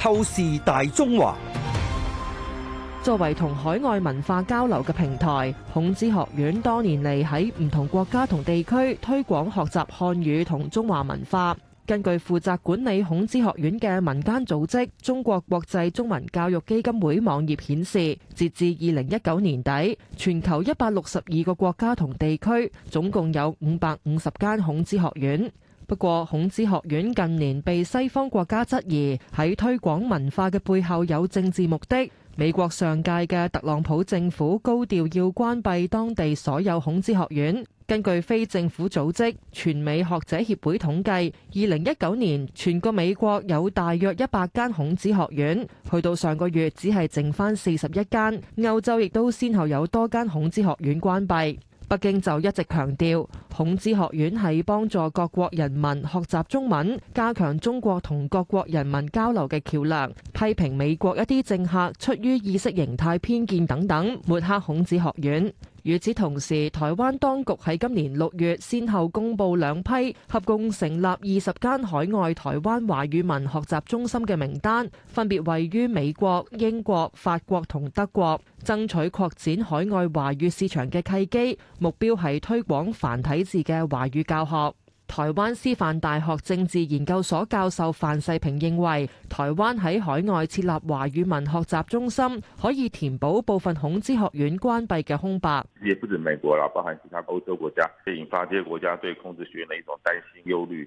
透視大中華，作為同海外文化交流嘅平台，孔子學院多年嚟喺唔同國家同地區推廣學習漢語同中華文化。根據負責管理孔子學院嘅民間組織——中國國際中文教育基金會網頁顯示，截至二零一九年底，全球一百六十二個國家同地區總共有五百五十間孔子學院。不過，孔子學院近年被西方國家質疑喺推廣文化嘅背後有政治目的。美國上屆嘅特朗普政府高調要關閉當地所有孔子學院。根據非政府組織全美學者協會統計，二零一九年全個美國有大約一百間孔子學院，去到上個月只係剩返四十一間。歐洲亦都先後有多間孔子學院關閉。北京就一直強調孔子學院係幫助各國人民學習中文，加強中國同各國人民交流嘅橋樑，批評美國一啲政客出於意識形態偏見等等，抹黑孔子學院。與此同時，台灣當局喺今年六月，先後公布兩批，合共成立二十間海外台灣華語文學習中心嘅名單，分別位於美國、英國、法國同德國，爭取擴展海外華語市場嘅契機，目標係推廣繁體字嘅華語教學。台灣師範大學政治研究所教授范世平認為，台灣喺海外設立華語文學習中心，可以填補部分孔子學院關閉嘅空白。也不止美國啦，包含其他歐洲國家，引發這些國家對孔子學院嘅一種擔心憂慮。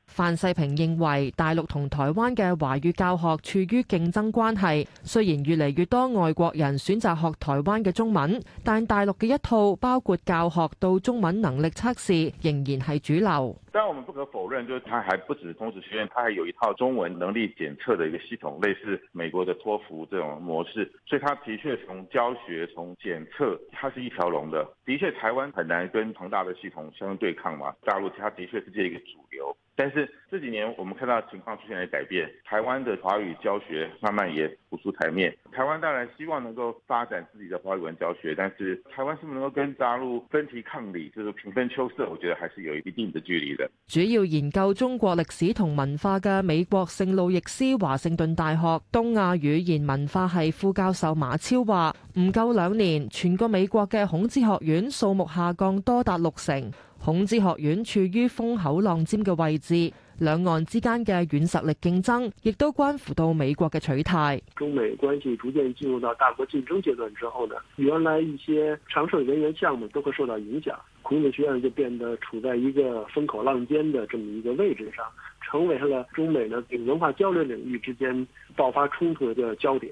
范世平認為，大陸同台灣嘅華語教學處於競爭關係。雖然越嚟越多外國人選擇學台灣嘅中文，但大陸嘅一套包括教學到中文能力測試，仍然係主流。但我們不可否認，就是他還不止孔子學院，他還有一套中文能力檢測的一個系統，類似美國的托福這種模式。所以，他的確從教學、從檢測，它是一條龍的。的確，台灣很難跟龐大的系統相對抗嘛。大陸，它的確是這一個主流。但是這幾年我們看到情況出現了改變，台灣的華語教學慢慢也浮出台面。台灣當然希望能夠發展自己的華語文教學，但是台灣是不是能夠跟大陸分庭抗禮，就是平分秋色，我覺得還是有一定的距離的。主要研究中國歷史同文化嘅美國聖路易斯華盛頓大學東亞語言文化系副教授馬超話：唔夠兩年，全個美國嘅孔子學院數目下降多達六成。孔子學院處於風口浪尖嘅位置，兩岸之間嘅軟實力競爭，亦都關乎到美國嘅取態。中美關係逐漸進入到大國競爭階段之後呢，原來一些常設人員項目都會受到影響，孔子學院就變得處在一個風口浪尖的這麼一個位置上，成為了中美嘅文化交流領域之間爆發衝突嘅焦點。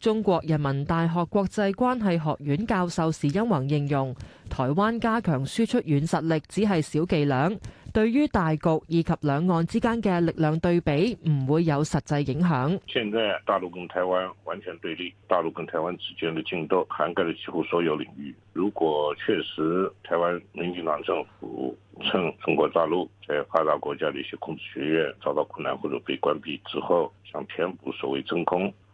中國人民大學國際關係學院教授時殷弘應用：「台灣加強輸出軟實力只係小伎倆，對於大局以及兩岸之間嘅力量對比唔會有實際影響。現在大陸同台灣完全對立，大陸同台灣之間的競爭涵蓋了幾乎所有領域。如果確實台灣民進黨政府趁中國大陸在發達國家的一些孔子學院遭到困難或者被關閉之後，想填補所謂真空。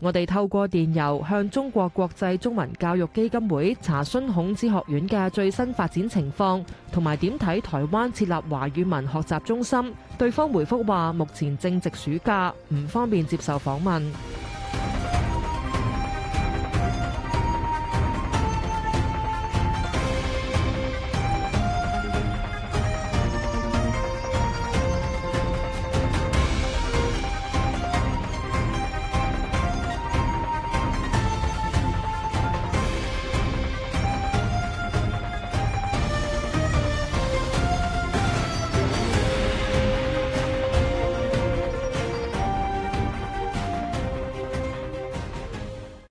我哋透過電郵向中國國際中文教育基金會查詢孔子學院嘅最新發展情況，同埋點睇台灣設立華語文學習中心。對方回覆話：目前正值暑假，唔方便接受訪問。